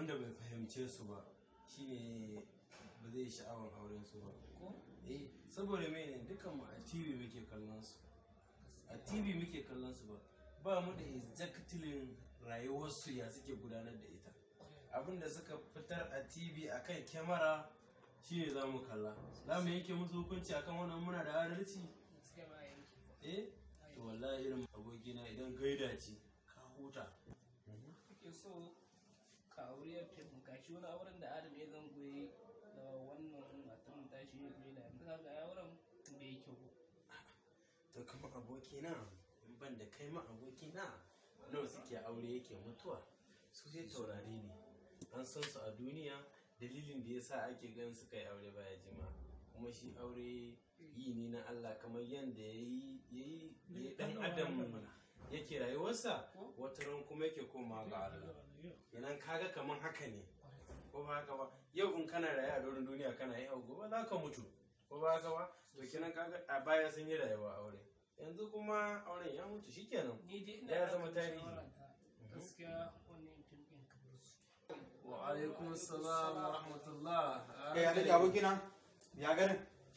wanda bai fahimce su ba shi ne ba zai sha'awar auren su ba eh saboda ne dukkan mu a TV muke kallon su a TV muke kallon su ba ba mu da exactly rayuwar su ya suke gudanar da ita abin da suka fitar a TV akan kyamara shi ne za mu kalla za mu yanke musu hukunci akan wannan muna da adalci eh to wallahi irin abokina idan gaida ce ka huta so ya wani auren da adam ya zan koyi da wannan matan tashi ya koyi da yanzu haka ya auren bai kyau to kuma aboki na ban da kai ma aboki na nawa suke aure yake mutuwa su sai taurari ne an san su a duniya dalilin da yasa ake ganin suka yi aure baya jima kuma shi aure yi ne na Allah kamar yadda ya yi dan adam yake rayuwarsa wata ran kuma yake koma ga Allah idan kaga kaman haka ne ko ba haka ba yau in kana raye a lorin duniya kana yi hau gobe za ka mutu ko ba haka ba to kenan kaga a baya sun yi rayuwa aure yanzu kuma auren ya mutu shikenan da ya zama tarihi gaskiya wannan fim din wa alaikum assalam wa rahmatullah eh, ya ga abokina ya garin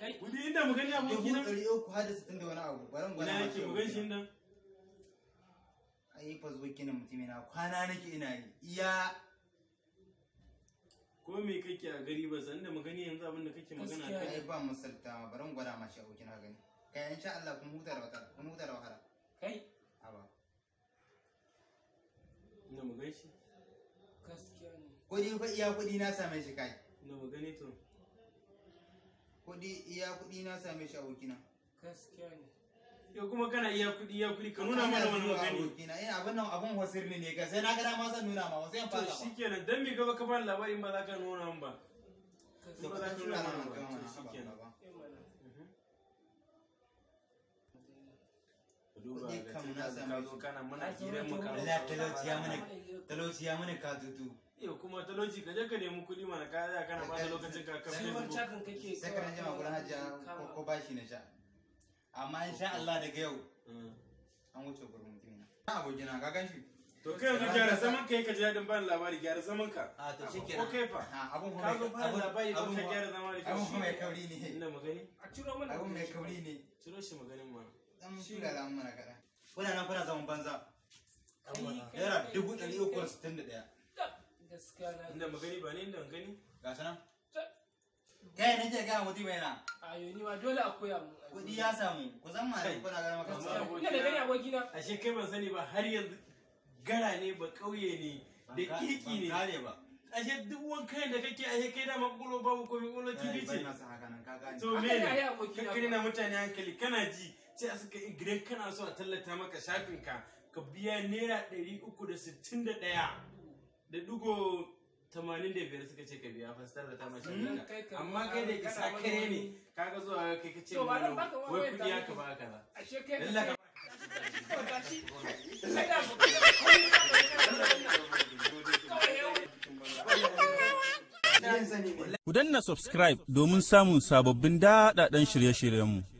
wani inda mu gani aboki nan uku har da sittin da wani abu bari mu gani na yake mu gani shi nan ai fa zuwa mutumi na kwana nake ina yi iya ko me kake a gari ba san da gani yanzu abin da kake magana kai ai ba misalta bari mu gwada ma aboki na gani kai insha Allah kun huta da wahala kun huta da wahala kai aba ina mu gaskiya ne kuɗi fa iya kuɗi na same shi kai ina mu gani to kuɗi iya kudi na same shi abokina gaskiya ne yau kuma kana iya kudi iya kudi ka nuna mana wani magani abokina eh abin nan abun wasirni ne ka sai na ga dama san nuna ma wasu yan fasa to shikenan dan mi gaba ka ba labari ba za ka nuna mun ba to eh, ka tura mana kan shikenan duba da tun da kana mana hirar makarantar talauci ya mana kazutu Yau kuma talauci ka je ka nemi kuɗi mana ka za kana ba lokacin ka kafin fi wani cakin kake sai ka rage ma gurin hajiya ko bashi na sha amma in Allah daga yau mm. an wuce gurin mutum na abokina ka gan shi to kai ka gyara zaman kai ka ji daɗin bani labari gyara zaman ka a to shi kenan ko kai fa abun kuma ka bani labari don ka gyara zaman da abun mai kauri ne ina magani a ciro mana abun mai kauri ne ciro shi maganin dan shi lamun mana kada nan kuna zaman banza Yara dubu ɗari uku sittin da ɗaya. gaskiya na inda magani ba ne inda gani ga sanan kai nake ga mutum na. ayo ni ma dole a koya mu kudi ya samu ku zan ma maka ina da gani aboki na ashe kai ban sani ba har yanzu gara ne ba kauye ne da kiki ne ba ashe duk wankan da kake ashe kai da makulo babu ko mai kulo kibi ce to me ne na mutane hankali kana ji sai a suka igiran kana so a tallata maka shafin ka ka biya naira ɗari uku da sittin da ɗaya da dugo 85 biyar suka ce ka biya fasitar da ta mace mm. amma kai da ka sakare ne kaga zuwa kai ka ce mana wai kudi ya ka ba ka ba ashe danna subscribe domin samun sababbin daɗaɗɗen shirye-shiryenmu.